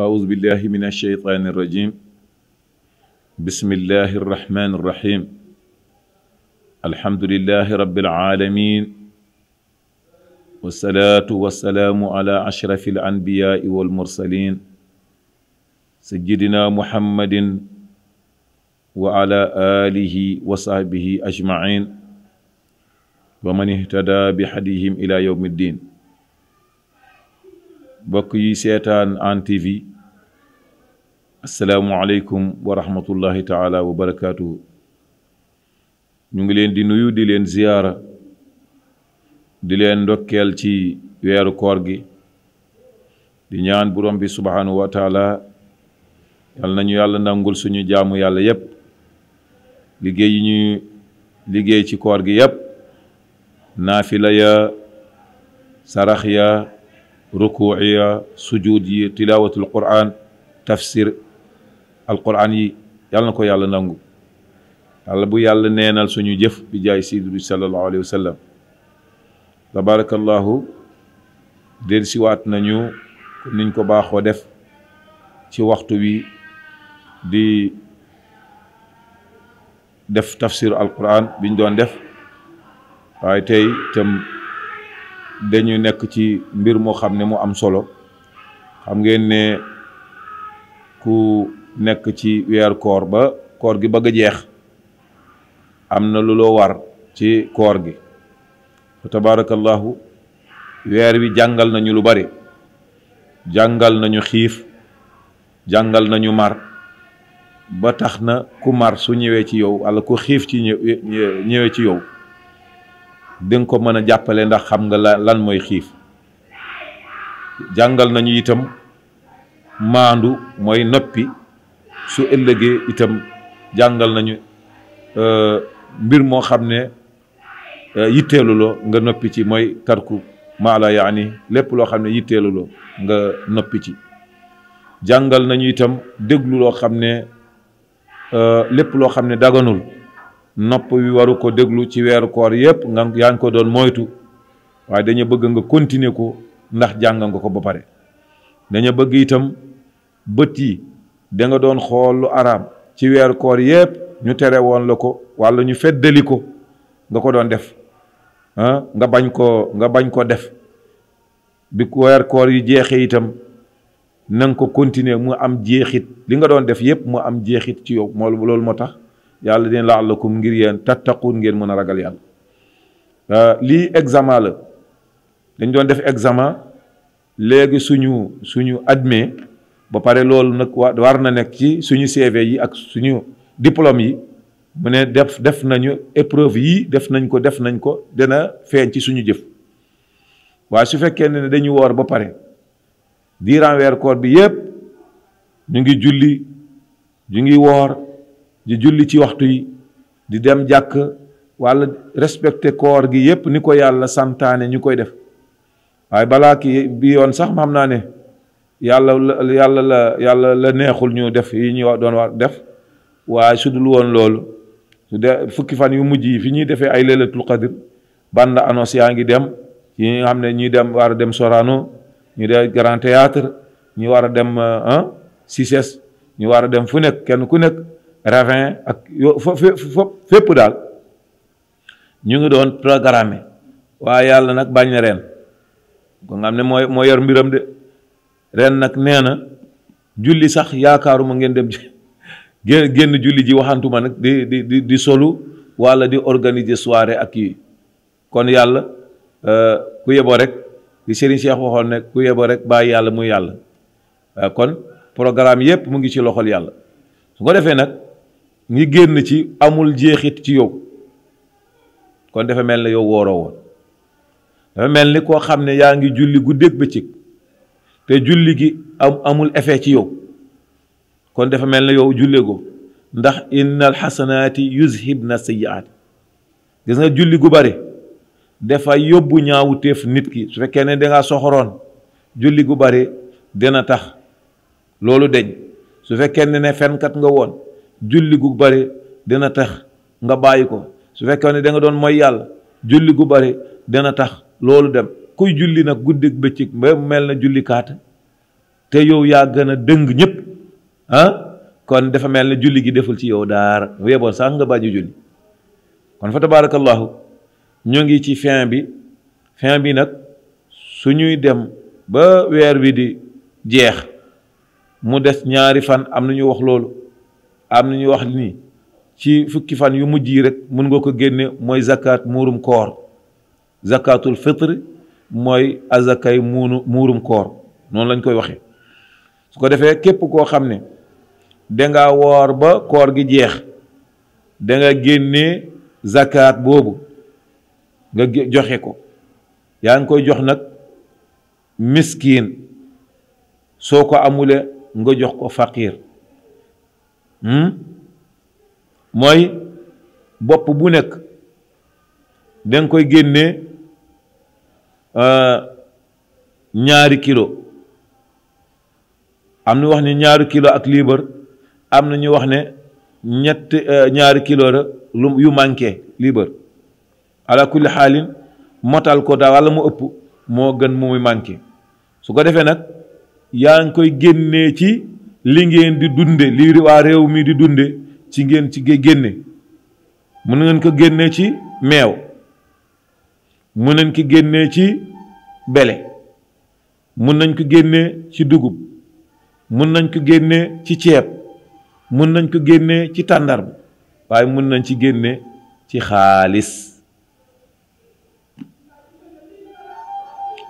أعوذ بالله من الشيطان الرجيم بسم الله الرحمن الرحيم الحمد لله رب العالمين والصلاة والسلام على أشرف الأنبياء والمرسلين سيدنا محمد وعلى آله وصحبه أجمعين ومن اهتدى بحديهم إلى يوم الدين bokk yi seetaan en tv assalaamu aleykum wa rahmatullahi taala wa barakatuhu ñu ngi leen di nuyu di leen ziyaara di leen ndokkeel ci weeru koor gi di ñaan borom bi subhanahu wa taala yàlla nañu yàlla nangul suñu jaamu yàlla yépp liggéey yi ñuy liggéey ci koor gi yépp naafi la ya sarax yaa rukuuc ya sujuud yi tilaawatul qur'aan tafsir alqur'aan yi yàlla na ko yàlla nangu yàlla bu yàlla neenal suñu jëf bi jaay siidu bi sallallahu alayhi wa sallam tabarakallahu del siwaat nañu niñ ko baaxoo def ci waxtu wi di def tafsir alqur'aan biñ doon def waaye tey tam dañu nekk ci mbir moo xam ne mu am solo xam ngeen ne ku nekk ci weer koor ba koor gi bëgg a jeex am na lu loo war ci koor gi fa tabarakallahu weer wi jàngal nañu lu bari jàngal nañu xiif jàngal nañu mar ba tax na ku mar su ñëwee ci yow walla ku xiif ci ñëwee ci yow di ko mën a jàppale ndax xam nga la lan mooy xiif jàngal nañu itam maandu mooy noppi su ëllëgee itam jàngal nañu euh, mbir moo xam ne euh, yitteeluloo nga noppi ci mooy tarku maala yaani lépp loo xam ne yitteeluloo nga noppi ci jàngal nañu itam déglu loo xam ne euh, lépp loo xam ne daganul nopp bi waru ko déglu ci weeru koor yépp nga yaa ngi ko doon moytu waaye dañu bëgg nga continuer ko ndax jàng nga ko ba pare dañu bëgg itam bët yi danga doon xoolu araam ci weeru koor yépp ñu tere woon la ko walla ñu feddali ko nga ko doon def ah nga bañ ko nga bañ ko def bi weer koor yi jeexee itam na ko continuer mu am jeexit li nga doon def yépp mu am jeexit ci yow moo loolu moo tax yàlla la dina laallakum ngir yéen tattaqun ngeen mën a ragal yàlla euh, lii examen la dañ doon def examen léegi suñu suñu admis ba pare loolu nag war na nekk ci suñu CV yi ak suñu diplôme yi mu ne def def nañu épreuve yi def nañ ko def nañ ko dina feeñ ci suñu jëf waaye su fekkee ne dañu woor ba pare diiran weer koor bi yépp ñu ngi julli ñu ngi woor di julli ci waxtu yi di dem jàkk walla respecté koor gi yépp ni ko yàlla santaane ñu koy def waaye balaa ki bi yoon sax ma xam naa ne yàlla yàlla la yàlla la neexul ñu def yi ñu doon war def waaye sudul woon loolu su dee fukki fan yu mujj yi fi ñuy defee ay leylatul qadr bande annonce yaa ngi dem yi ñu xam ne ñuy dem war a dem Sorano ñu de Grand Théâtre ñu war a dem euh, Cissesse ñu war a dem fu nekk kenn ku nekk ravin ak yo fépp daal ñu ngi doon programme waaye yàlla nak bañ ren ko nga ne mooy yor mbiram de ren nak nee na julli sax yaakaaruma ngeen dem génn génn julli ji waxantuma nag di di di di solu wala di organiser soirée ak yi kon yàlla euh, ku yebo rek di sëriñ cheikh waxoon ne ku yebo rek bàyyi yàlla muy yàlla euh, kon programme yépp mu ngi ci loxol yàlla su ko defee ngi génn ci amul jeexit ci yow kon dafa mel na yow wooroo woon dafa mel ni koo xam ne yaa ngi julli guddeeg bëccëg te julli gi am amul effet ci yow kon dafa mel ne yow jullegoo ndax innal xasanaati yuzhibna sayyi'aat gis nga julli gu bari dafa yóbbu ñaawu téef nit ki su fekkee ne dangaa soxoroon julli gu bari dina tax loolu deñ su fekkee ne fenkat nga woon julli gu bari dina tax nga bàyyi ko su fekkee ne danga doon mooy yàlla julli gu bari dina tax loolu dem kuy julli nag guddig bëccëg ba mel na julli kaata te yow yaa gën a dëng ñëpp ah kon dafa mel ne julli gi deful ci yow daara weeboon sax nga bañu julli kon fa tabaarakallahu ñoo ngi ci fin bi fin bi nag su ñuy dem ba weer wi di jeex mu des ñaari fan am na ñuy wax loolu am na ñu wax nii ci fukki fan yu mujj yi rek mën nga ko génne mooy zakat muurum koor zakatul fitr mooy azakay muunu muurum koor noonu lañ koy waxe su ko defee képp koo xam ne danga woor ba koor gi jeex danga génne zakat boobu nga joxe ko yaa ngi koy jox nag miskin soo ko amulee nga jox ko faqir Hmm? mooy bopp bu nekk danga koy génnee euh, ñaari kilo am na wax ni ñaari kilo ak liibar am na ñu wax ne ñett euh, ñaari kilo la yu manqué liibar ala kulli xaalin motal ko daa walla mu ëpp moo gën mu muy manqué su ko defee nag yaa ngi koy génnee ci li ngeen di dunde li waa réew mi di dunde ci ngeen ci génne mën ngeen ko génne ci meew mën nañ ko génne ci bele mën nañ ko génne ci dugub mën nañ ko génne ci ceeb mën nañ ko génne ci tàndarma waaye mën nañ ci génne ci xaalis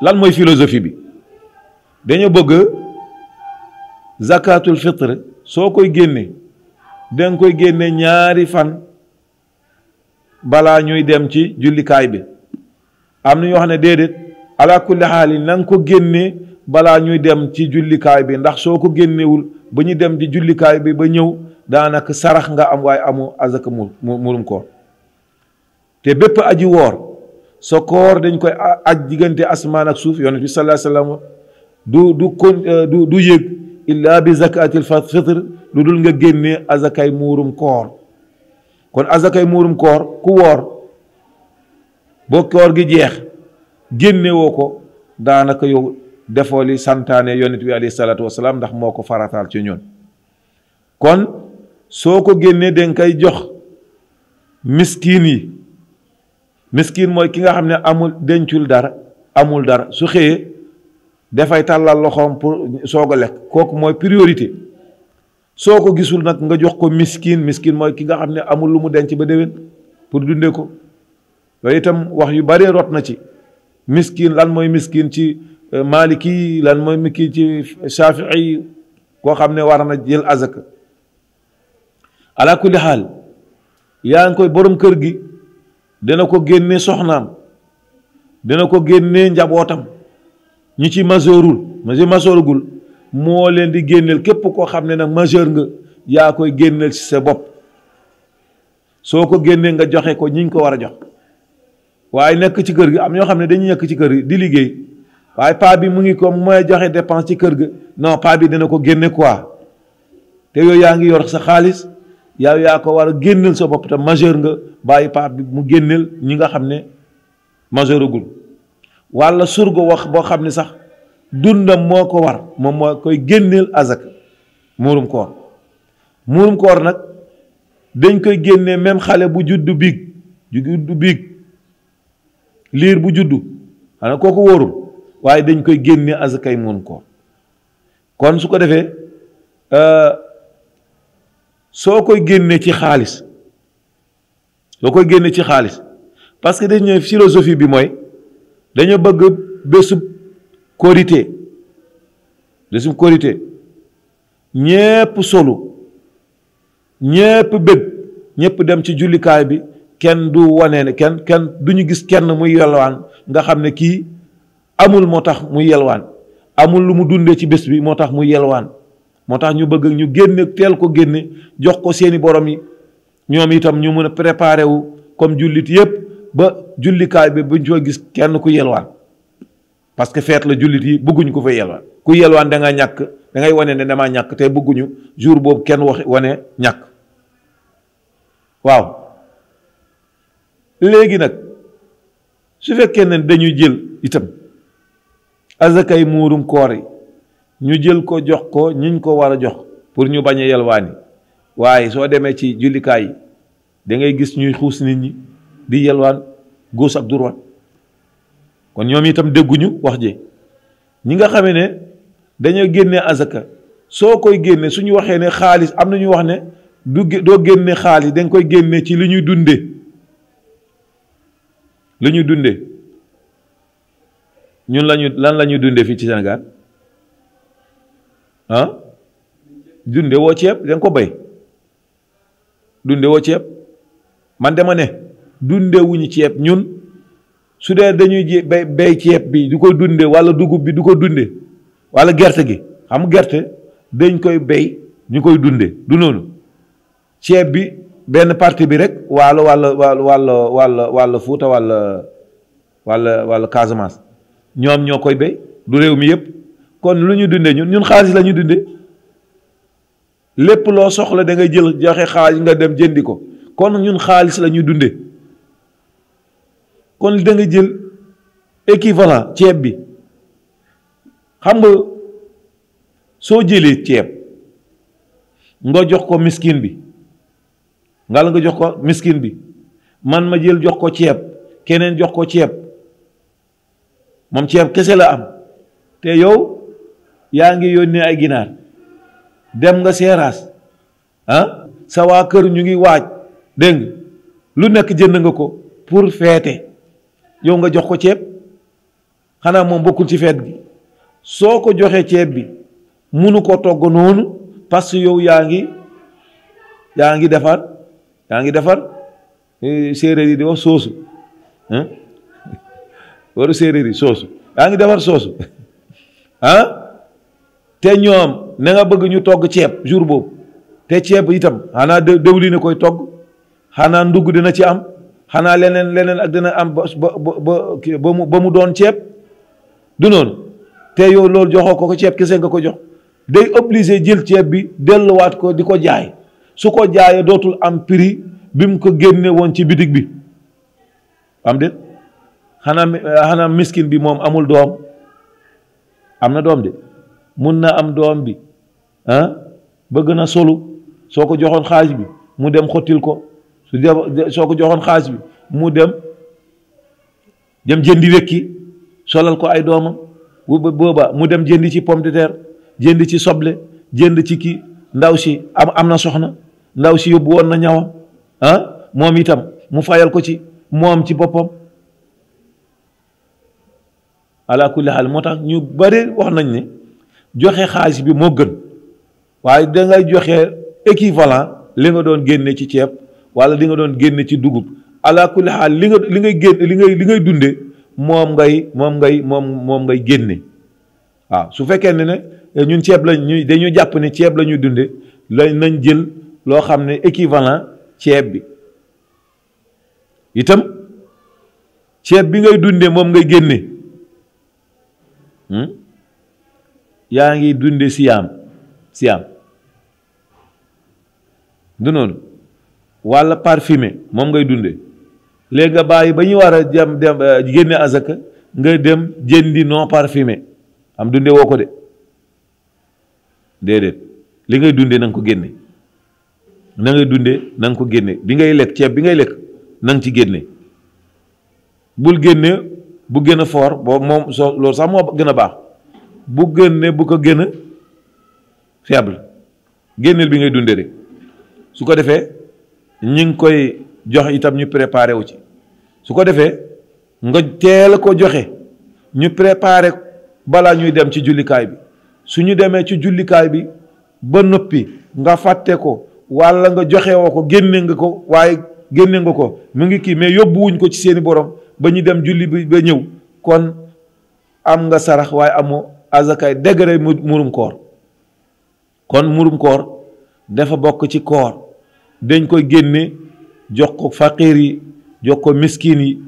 lan mooy philosophie bi dañoo bëgg zakatul fitre soo koy génnee danga koy génne ñaari fan balaa ñuy dem ci jullikaay bi am na ñoo xam ne déedéet ala kulli yi na ko génnee balaa ñuy dem ci jullikaay bi ndax soo ko génnewul ba ñu dem ci jullikaay bi ba ñëw daanaka sarax nga am waaye amu azaka mu murum koor te bépp aji woor sa dañ koy aj diggante asmaan ak suuf yonent bi sallallahu alayhi wasallam du du euh, du du yéeg إلا بزكاة الفطر لدول نجا جيني مورم كور كون أزكاي مورم كور كور بو كور جيخ جيني وكو دانا كيو دفولي سانتاني يونت وي عليه الصلاة والسلام دخ موكو فراتال تنيون كون سوكو جيني دنكاي جوخ مسكيني مسكين موكي كيغا خامني امول دنتول دار امول دار سو defay tàllal loxoom pour soog lekk kooku mooy priorité soo ko gisul nag nga jox ko miskin miskin mooy ki nga xam ne amul lu mu denc ba déwén pour dundee ko yooyu itam wax yu bari rot na ci miskin lan mooy miskin ci euh, maliki lan mooy miskin ci shafii koo xam ne war na jël azaka ala kulli xaal yaa ngi koy borom kër gi dina ko génne soxnaam dina ko génnee njabootam ñi ci majeurul majeur majeuragul moo leen di génneel képp koo xam ne nag majeur nga yaa koy génneel ci sa bopp soo ko génnee nga joxe ko ñi ñu ko war a jox waaye nekk ci kër gi am ñoo xam ne dañuy nekk ci kër gi di liggéey waaye paa bi mu ngi ko mooy joxe dépense ci kër gi no paa bi dana ko génne quoi te yooyu yaa ngi yor sa xaalis yow yaa ko war a génneel sa bopp te majeur nga bàyyi paa bi mu génneel ñi nga xam ne majeuragul walla surgo wax boo xam ne sax dundam moo ko war moom moo koy génneel azaka muurum koor muurum koor nag dañ koy génnee même xale bu juddu biig juddu biig liir bu juddu xanaa kooku wóorul waaye dañ koy génnee azakay muurum koor kon su ko defee euh, soo koy génnee ci xaalis soo koy génnee ci xaalis parce que dañ ne philosophie bi mooy dañoo bëgg bésub korité bésub korité ñépp solu ñépp bëgg ñépp dem ci jullikaay bi kenn du wane ne kenn kenn du ñu gis kenn muy yelwaan nga xam ne kii amul moo tax mu yelwaan amul lu mu dundee ci bés bi moo tax mu yelwaan moo tax ñu bëgg ñu génne teel ko génne jox ko seeni borom yi ñoom itam ñu mën a préparer wu comme jullit yépp ba jullikaay bi buñ fa gis kenn ku yelwaan parce que feet la jullit yi bëgguñ ko fa yelwaan ku yelwaan da nga ñàkk da ngay wane ne dama ñàkk te bëgguñu jour boobu kenn wax wane ñàkk waaw léegi nag su fekkee ne dañu jël itam azakay muurum koor yi ñu jël ko jox ko ñiñ ko war a jox pour ñu bañ a yelwaani waaye soo demee ci jullikaay yi da ngay gis ñuy xuus nit ñi di yelwaan góos ak durwaan kon ñoom itam dégguñu wax ji ñi nga xamee ne dañoo génne azaka soo koy génne suñu waxee ne xaalis am na ñu wax ne du doo génne xaalis danga koy génnee ci li ñuy dunde li ñuy dunde ñun lañu lan lañuy ñuy dunde fii ci Sénégal dunde woo ceeb danga ko bay dunde woo ceeb man dama ne dundewuñu ceeb ñun su dee dañuy bay bay ceeb bi du koy dunde wala dugub bi du ko dunde wala gerte gi xam gerte dañ koy bay ñu koy dunde du noonu ceeb bi benn partie bi rek wala wala wala walla wala Fuuta wala wala wala Casamance ñoom ñoo koy bay du réew mi yépp kon lu ñu dunde ñun ñun xaalis la ñu dunde lépp loo soxla dangay ngay jël joxe xaalis nga dem jëndi ko kon ñun xaalis la dunde kon da jël équivalent ceeb bi xam nga soo jëlee ceeb nga jox ko miskin bi nga la nga jox ko miskin bi man ma jël jox ko ceeb keneen jox ko ceeb moom ceeb kese la am te yow yaa ngi yónnee ay ginaar dem nga seeraas ah sa waa kër ñu ngi waaj dégg lu nekk jënd nga ko pour feete yow nga jox ko ceeb xanaa moom bokkul ci feet gi soo ko joxee ceeb bi munu ko togg noonu parce que yow yaa ngi yaa ngi defar yaa ngi defar eh, séeréer yi di wax soosu waru séeréer yi soosu yaa ngi defar soosu ah te ñoom nanga bëgg ñu togg ceeb jour boobu te ceeb itam xanaa dëwlin a koy togg xanaa ndugg dina ci am xanaa leneen leneen ak dina am ba ba ba mu ba mu doon ceeb du noonu te loolu joxoo ko ko ceeb kese nga ko jox day obligé jël ceeb bi delluwaat ko di ko jaay su ko jaayee dootul am piri bi mu ko génne ci bitig bi am déet eh, xanaa miskin bi moom amul doom am na doom de mun na am doom bi ah bëgg na solu soo ko joxoon xaalis bi mu dem xottil ko su dee soo ko joxoon xaalis bi mu dem dem jëndi wékki solal ko ay doomam bu boobaa mu dem jënd ci pomme de terre jënd ci soble jënd ci kii ndaw si am am na soxna ndaw si yóbbu woon na ñawam ah, moom itam mu fayal ko ci moom ci boppam ala kulli xaal moo tax ñu bari wax nañ ni joxe xaalis bi moo gën waaye dangay joxe équivalent li nga doon génne ci ceeb wala li nga doon génne ci dugub ala kulli xaal li nga li ngay génn li ngay li ngay dunde moom ngay moom ngay moom moom ngay génne waaw su fekkee ne ne eh, ñun ceeb lañ ñu dañu jàpp ni ceeb la ñuy dunde lañ nañ jël loo xam ne équivalent ceeb bi itam ceeb bi ngay dunde moom ngay génne hmm? yaa ngi dunde siyaam siyaam du noonu wala parfumé moom ngay dunde léegi nga bàyyi ba ñu war a dem dem euh, génne azaka nga dem jëndi non parfumé am dunde woo ko de déedéet li ngay dundee na ko génne na ngay dundee na ko génne bi ngay lekk ceeb bi ngay lekk na nga ci génne bul génne bu gën a fort boo moom soo loolu sax moo gën a baax bu génne bu ko gën a faible génneel bi ngay dundee rek su ko defee ñu ngi koy jox itam ñu préparé wu ci su ko defee nga teel ko joxe ñu préparé balaa ñuy dem ci jullikaay bi su ñu demee ci jullikaay bi ba noppi nga fàtte ko walla nga joxewoo ko génne nga ko waaye génne nga ko mu ngi kii mais yóbbuwuñ ko ci seeni borom ba ñu dem julli bi ba ñëw kon am nga sarax waaye amu azakaay degré murum koor kon murum koor dafa bokk ci koor dañ koy génne jox ko faqiir yi jox ko miskin yi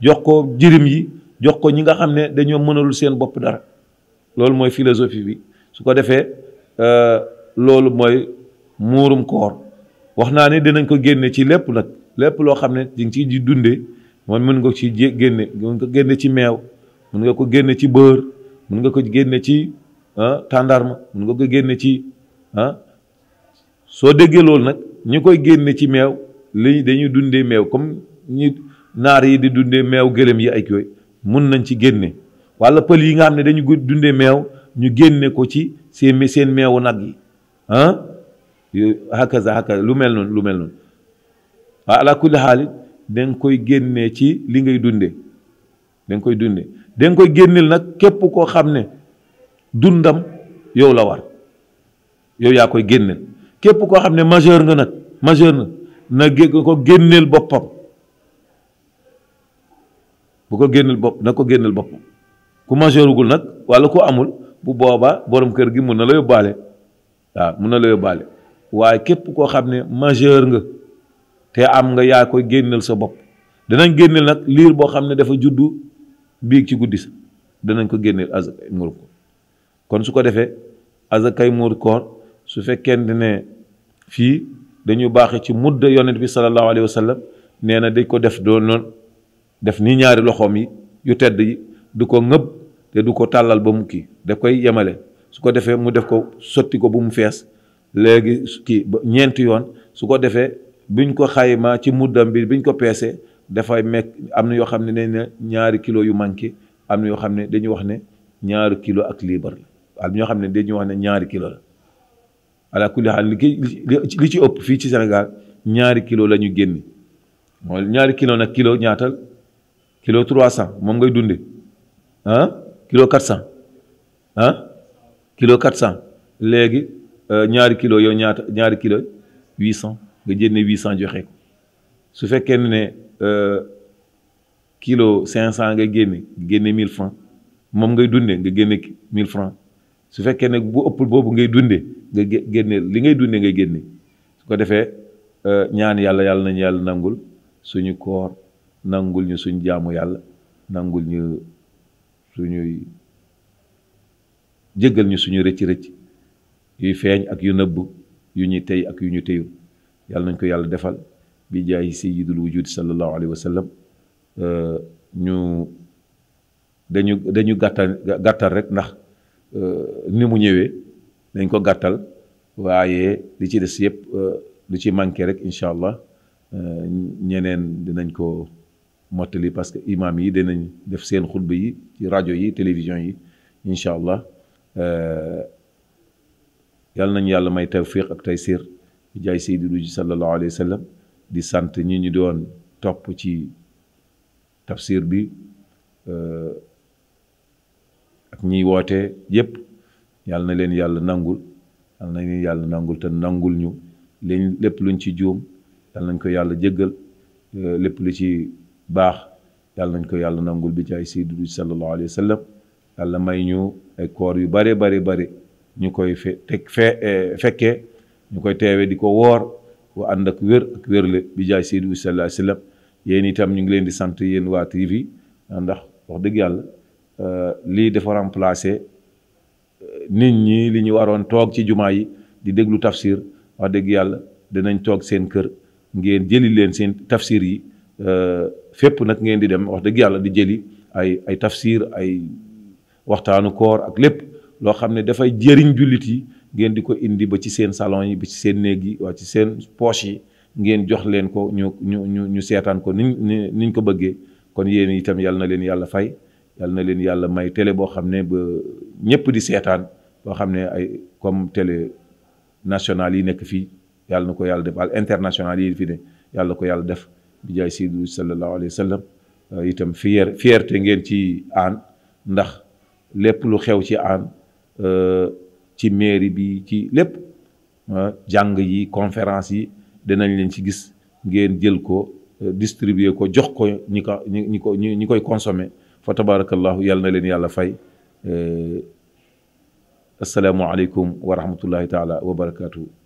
jox ko jirim yi jox ko ñi nga xam ne dañoo mënalul seen bopp dara loolu mooy philosophie bi su ko defee euh, loolu mooy muurum koor wax naa ne dinañ ko génne ci lépp nag lépp loo xam ne di nga ci dundee man mën nga ko ci génne mën ko génne ci meew mën nga ko génne ci beurre mën nga ko génne ci ah, tàndarma mën nga ko génne ci ah. soo déggee loolu nag ñu koy génne ci meew li dañuy dundee meew comme ñi naar yi di dundee meew gëlëm yi ak yooyu mun nañ ci génne walla pël yi nga xam ne dañu dundee meew ñu génne ko ci seen meewu nag yi ah hakaza lu mel noonu lu mel noonu waaw ala kulli xaalit da koy génnee ci li ngay dunde da koy dunde da koy génneel nag képp koo xam ne dundam yow la war yow yaa koy génneel képp koo xam ne majeur nga nag majeur na na ko génneel boppam bu ko génneel bopp na ko génneel boppam ku majeurugul nag walla ku amul bu booba boroom kër gi mun na la yóbbaale waaw na la waaye képp koo xam ne majeur nga te am nga yaa koy génneel sa bopp danañ génneel nag liir boo xam ne dafa juddu biig ci guddi sa danañ ko génneel azakay muur kon su ko defee azakay muur koor su fekkee fekkente ne fii dañu baaxe ci mudda yonent bi sallallahu alayhi wa sallam nee na dañ ko def doon noonu def ni ñaari loxoom yi yu tedd yi du ko ŋëb te du ko tàllal ba mu kii da koy yemale su ko defee mu def ko sotti ko bu mu fees léegi kii ba ñeenti yoon su ko defee biñ ko xaymaa ci muddam bi biñ ko peesee dafay mekk am na yoo xam ne nee ñaari kilo yu manqué am na yoo xam ne dañuy wax ne ñaari kilo ak liibar la am ñoo xam ne dañuy wax ne ñaari kilo la ala kulli xaal li ci ëpp fii ci Sénégal ñaari kilo la ñu génne mooy ñaari kilo nag kilo ñaatal kilo trois cent moom ngay dunde ah kilo quatre cent ah kilo quatre cent léegi euh, ñaari kilo yow ñaata ñaari kilo huit cent nga jënne huit cent joxe su fekkee ne euh, kilo cinq cent nga génne génne mille francs moom ngay dunde nga génne mille francs su fekkee ne bu ëpp boobu ngay dunde nga génneel li ngay dunde nga génne su ko defee euh, ñaan yàlla yàlla nañu yàlla nangul suñu koor nangul ñu suñu jaamu yàlla nangul ñu suñuy jéggal ñu suñu rëcc rëcc yuy feeñ ak yu nëbb yu ñuy tey ak yu ñu teyul yàlla nañ ko yàlla defal bi jaay sayyidul wujud sallallahu alayhi wa euh, ñu dañu dañu gàttal gàttal rek ndax euh, ni mu ñëwee dañ ko gàttal waaye li ci des yëpp euh, lu ci manqué rek incha allah euh, ñeneen dinañ ko mottali parce que imam yi dinañ def seen xutba yi ci rajo yi télévision yi incha allah euh, yàlla nañu yàlla may tawfiq ak taysir bi jaay sayyidu du sallallahu alayhi wa sallam di sant ñi ñu doon topp ci tafsir bi ak ñiy woote yépp yàlla na leen yàlla nangul yàlla yàlla nangul te nangul ñu liñ lépp lu luñ ci juum yàlla nañ ko yàlla jéggal euh, lépp lu ci baax yàlla nañ ko yàlla nangul bi jaay sayyidu bi sallallahu alayhi wa sallam yàlla may ñu ay koor yu bare bare bare ñu koy fe teg fe eh, fekkee ñu koy teewee di ko woor wa ànd ak wér ak wérle bi jaay sayyidu bi sallallahu alayhi wa sallam yéen itam ñu ngi leen di sant yéen waa TV ndax wax dëgg yàlla euh, lii dafa remplacer. nit ñi li ñu waroon toog ci jumaa yi di déglu tafsir wax dëgg yàlla dinañ toog seen kër ngeen jëli leen seen tafsir yi euh, fépp nag ngeen di dem wax dëgg yàlla di jëli ay ay tafsir ay waxtaanu koor ak lépp loo xam ne dafay jëriñ jullit yi ngeen di ko indi ba ci seen salon yi ba ci seen néeg yi waa ci seen poche yi ngeen jox leen ko ñu ñu ñu ñu seetaan ko niñ niñ ko bëggee kon yéen itam yàlla na leen yàlla fay yal na leen yàlla may télé boo xam ne ba ñëpp di seetaan boo xam ne ay comme télé national yi nekk fii yàlla na ko yàlla def al international yi fi ne yàlla ko yàlla def bi jaay Seydou sallallahu alayhi wa sallam euh, itam fier fierté ngeen ci aan ndax lépp lu xew ci aan euh, ci mairie bi ci lépp euh, jàng yi conférence yi dinañ leen ci gis ngeen jël ko distribuer ko jox ko ñi ko ñi ñi koy consommer فتبارك الله يلنا لين يلا فاي السلام عليكم ورحمة الله تعالى وبركاته